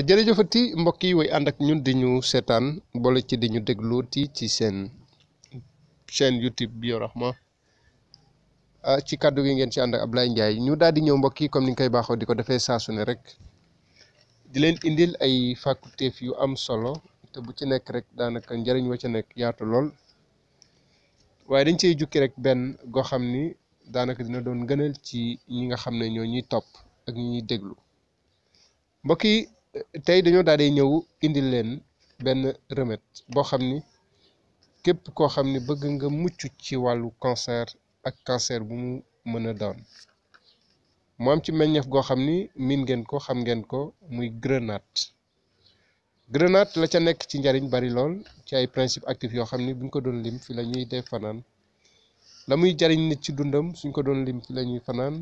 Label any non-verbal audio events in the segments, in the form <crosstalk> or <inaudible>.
jërëjëfati mbokk yi woy ànd ak ñun di ñu seetaan boole ci di ñu déglu ti ci seen chaîne YouTube Biorahma ah, ci kàddu gi ngeen ci ànd ak Ablaye Ndiaye ñu daal di ñëw mbokk yi comme ni ñu baaxoo di ko defee saasu ne rek di leen indil ay facultéef yu am solo te bu ci nekk rek daanaka njëriñ wa ca nekk yaatu lool waaye dañ cey jukki rek benn goo xam ni daanaka dina doon gënal ci ñi nga xam ne ñoo ñuy topp ak ñi ñuy déglu mbokk tey dañoo daal di ñëw indil leen benn remède boo xam ni képp koo xam ni bëgg nga mucc ci wàllu cancer ak cancer bu mu mën a doon mu ci meññeef goo xam ni miin ngeen ko xam ngeen ko muy grenade grenade la ca nekk ci njariñ bari lool ci ay principe actif yoo xam ni buñ ko doon lim fi la ñuy dee fanaan la muy jariñ nit ci dundam suñ ko doon lim fi la fanaan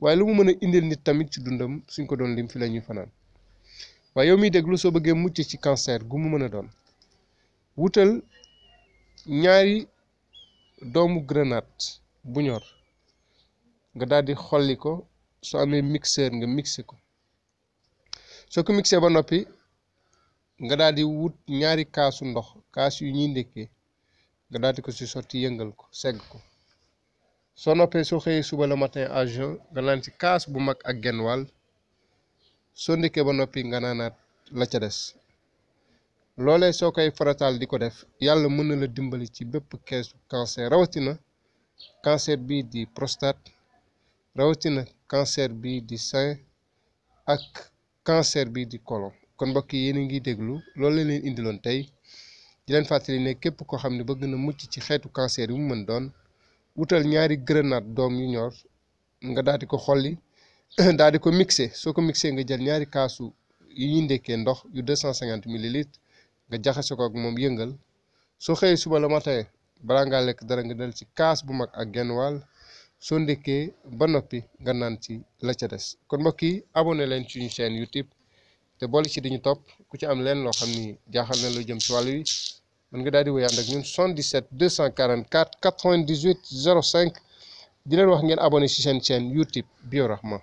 waaye lu mën a indil nit tamit ci dundam suñ ko doon lim fi la ñuy fanaan waaye yow miy déglu soo bëggee mucc ci cancer gu mu mën a doon wutal ñaari doomu grenade bu ñor nga daldi xolli ko soo amee mixeur nga mixé ko soo ko mixé ba noppi nga daldi wut ñaari kaasu ndox kaasu yu ñuy ndekkee nga daldi ko si sotti yëngal ko segg ko soo noppee soo xëyee suba le matin à jeun nga naan ci kaas bu mag ak genn wàll soo ndikkee ba noppi nga naanaat la ca des loolee soo koy farataal di ko def yàlla mën na la dimbali ci bépp keesu cancer rawatina cancer bii di prostate rawatina cancer bi di sein ak cancer bii di kolo kon mbokk yi yéen ngi déglu loolu la leen indiloon tey di leen fàttali ne képp koo xam ne bëgg na mucc ci xeetu cancer yi mu mën doon wutal ñaari grenade doom yu ñor nga daal di ko xolli <coughs> daal di ko mixé soo ko mixé nga jël ñaari kaasu yi ñu ndekkee ndox yu 250 millilitres nga jaxase ko ak moom yëngal soo xëyee suba la matin balaa ngaa lekk dara nga del ci kaas bu mag ak genn wàll soo ndekkee ba noppi nga naan ci la ca des kon mbokk yi abonné leen ci suñu chaîne YouTube te boole ci dañu topp ku ci am leen loo xam ni jaaxal na lu jëm ci wàll wi mën nga daal di wéyaan ak ñun 77 244 98 05 di leen wax ngeen abonné ci seen chaîne YouTube Biorahma